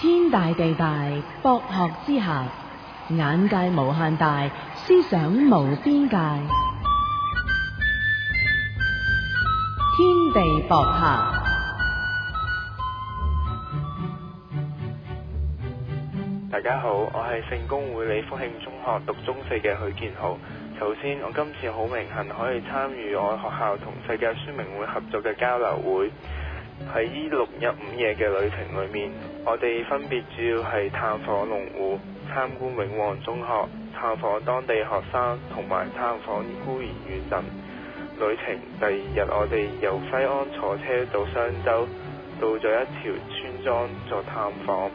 天大地大，博學之下，眼界無限大，思想無邊界。天地博客。大家好，我係聖公會李福慶中學讀中四嘅許健濠。首先，我今次好榮幸可以參與我學校同世界宣明會合作嘅交流會。喺呢六日五夜嘅旅程裏面，我哋分別主要係探訪農戶、參觀永旺中學、探訪當地學生同埋探訪孤兒院等。旅程第二日，我哋由西安坐車到商州，到咗一條村莊作探訪。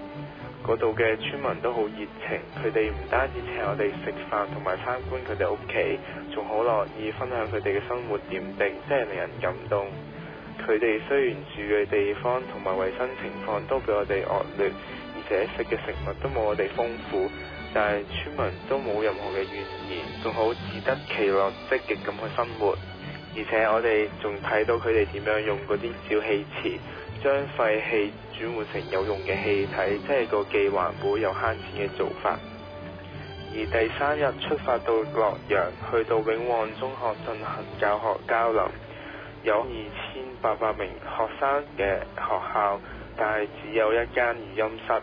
嗰度嘅村民都好熱情，佢哋唔單止請我哋食飯同埋參觀佢哋屋企，仲好樂意分享佢哋嘅生活點滴，真係令人感動。佢哋雖然住嘅地方同埋衞生情況都比我哋惡劣，而且食嘅食物都冇我哋豐富，但係村民都冇任何嘅怨言，仲好自得其樂，積極咁去生活。而且我哋仲睇到佢哋點樣用嗰啲小氣池將廢氣轉換成有用嘅氣體，即係個既環保又慳錢嘅做法。而第三日出發到洛陽，去到永旺中學進行教學交流。有二千八百名學生嘅學校，但係只有一間語音室。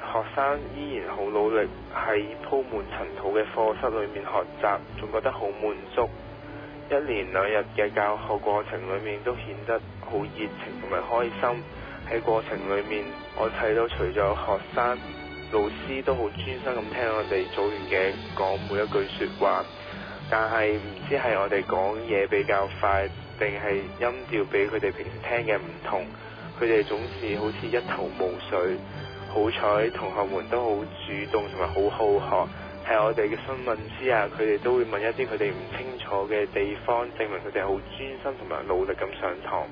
學生依然好努力喺鋪滿塵土嘅課室裏面學習，仲覺得好滿足。一連兩日嘅教學過程裏面都顯得好熱情同埋開心。喺過程裏面，我睇到除咗學生，老師都好專心咁聽我哋組員嘅講每一句説話。但係唔知係我哋講嘢比較快。定係音調比佢哋平時聽嘅唔同，佢哋總是好似一頭霧水。好彩同學們都好主動同埋好好學，喺我哋嘅詢問之下，佢哋都會問一啲佢哋唔清楚嘅地方，證明佢哋好專心同埋努力咁上堂。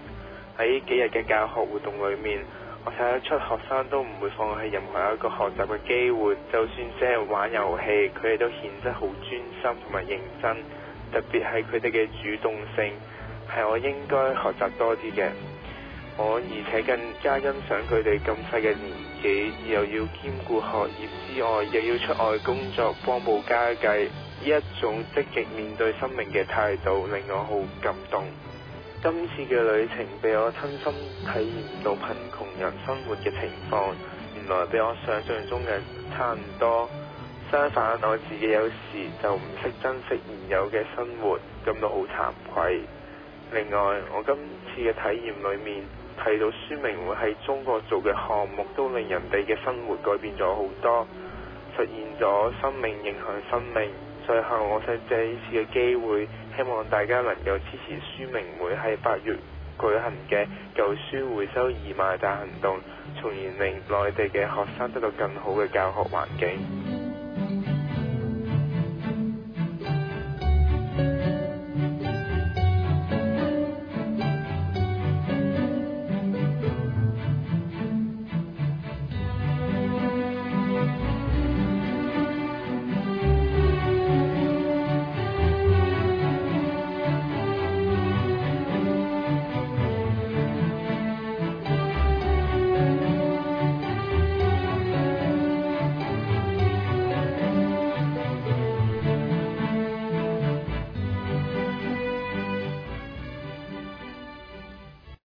喺幾日嘅教學活動裏面，我睇得出學生都唔會放棄任何一個學習嘅機會，就算只係玩遊戲，佢哋都顯得好專心同埋認真。特別係佢哋嘅主動性。係我應該學習多啲嘅，我而且更加欣賞佢哋咁細嘅年紀，又要兼顧學業之外，又要出外工作幫補家計，呢一種積極面對生命嘅態度令我好感動。今次嘅旅程俾我親身體驗到貧窮人生活嘅情況，原來比我想象中嘅差唔多。相反，我自己有時就唔識珍惜現有嘅生活，感到好慚愧。另外，我今次嘅體驗裏面睇到宣明會喺中國做嘅項目，都令人哋嘅生活改變咗好多，實現咗生命影響生命。最後，我想借呢次嘅機會，希望大家能夠支持宣明會喺八月舉行嘅舊書回收義賣大行動，從而令內地嘅學生得到更好嘅教學環境。